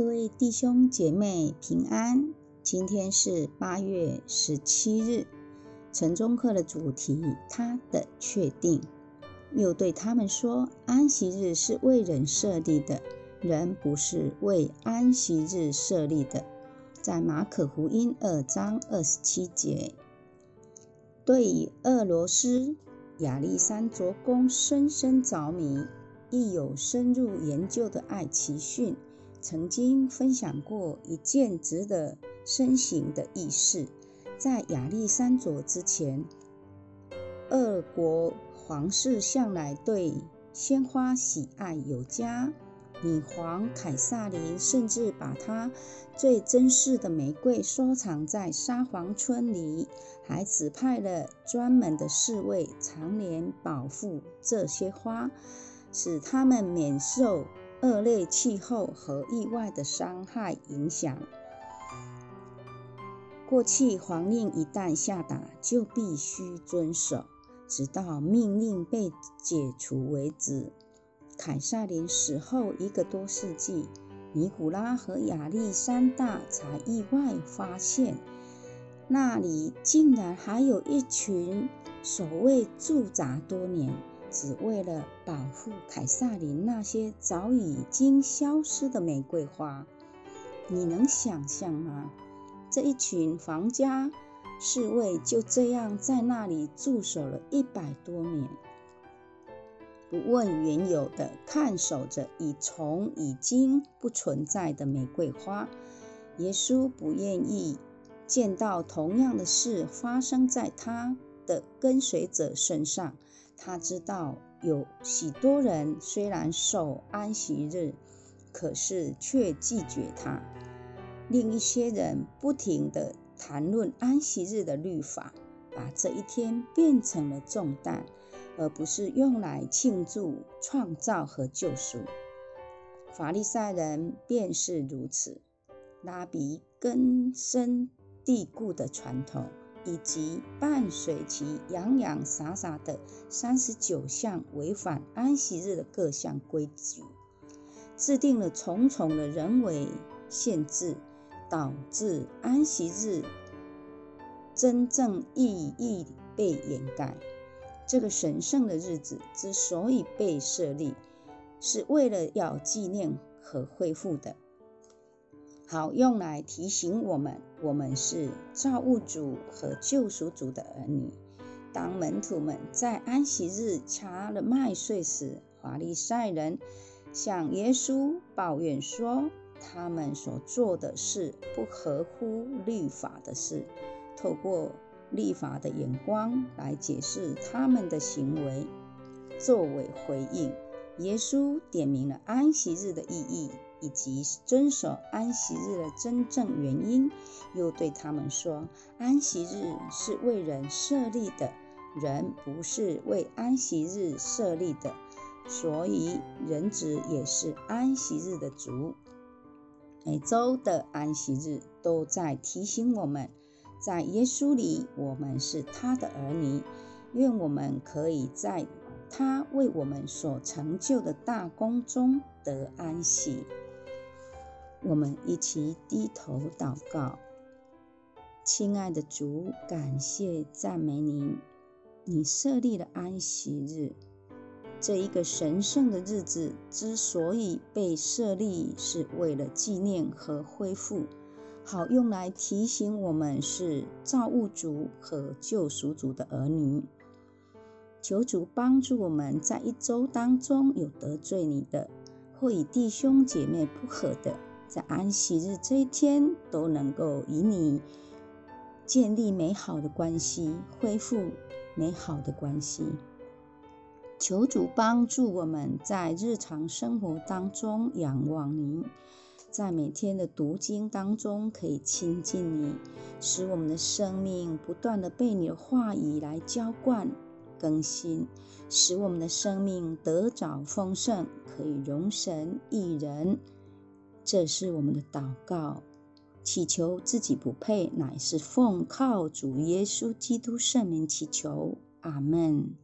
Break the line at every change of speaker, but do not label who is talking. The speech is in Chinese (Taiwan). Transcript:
各位弟兄姐妹平安，今天是八月十七日。晨鐘課的主題，他的確定，又對他們說：“安息日是為人設立的，人不是為安息日設立的。”在馬可福音二章二十七節。對於俄羅斯亞歷山卓宮深深着迷，亦有深入研究的愛奇遜。曾經分享過一件值得深省的軼事：在亞歷山卓之前，俄國皇室向來對鮮花喜愛有加。女皇凱撒琳甚至把她最珍視的玫瑰收藏在沙皇村裡，還指派了專門的侍衛常年保護這些花，使他們免受。惡劣氣候和意外的傷害影響。過去，皇令一旦下達，就必須遵守，直到命令被解除為止。凱撒林死後一個多世紀，尼古拉和亞歷山大才意外發現，那裡竟然還有一群守衛駐紮多年。只為了保護凱撒林那些早已經消失的玫瑰花，你能想象嗎？這一群皇家侍衛就這樣在那裡駐守了一百多年，不問緣由的看守着已從已經不存在的玫瑰花。耶穌不願意見到同樣的事發生在他的跟隨者身上，他知道有許多人雖然守安息日，可是卻拒絕他；另一些人不停地談論安息日的律法，把這一天變成了重擔，而不是用來慶祝創造和救贖。法利賽人便是如此，拉比根深蒂固的傳統。以及伴隨其洋洋灑灑的三十九項違反安息日的各項規矩，制定了重重的人為限制，導致安息日真正意義被掩蓋。這個神聖的日子之所以被設立，是為了要紀念和恢復的。好用來提醒我們，我們是造物主和救贖主的兒女。當門徒們在安息日掐了麥穗時，法利賽人向耶穌抱怨說，他們所做的是不合乎律法的事。透過律法的眼光來解釋他們的行為，作為回應。耶穌點明了安息日的意義以及遵守安息日的真正原因，又對他們說：“安息日是為人設立的，人不是為安息日設立的，所以人子也是安息日的主。”每周的安息日都在提醒我們，在耶穌裡我們是他的兒女，願我們可以在他為我們所成就的大功中得安息。我們一起低頭禱告，親愛的主，感謝讚美您，你設立了安息日。這一個神聖的日子之所以被設立，是為了紀念和恢復，好用來提醒我們是造物主和救贖主的兒女。求主幫助我們在一周當中有得罪你的，或與弟兄姐妹不和的，在安息日這一天都能夠與你建立美好的關係，恢復美好的關係。求主幫助我們在日常生活當中仰望您，在每天的讀經當中可以親近你，使我們的生命不斷地被你的話語來澆灌。更新，使我們的生命得著豐盛，可以榮神益人。這是我們的禱告，祈求自己不配，乃是奉靠主耶穌基督聖名祈求，阿門。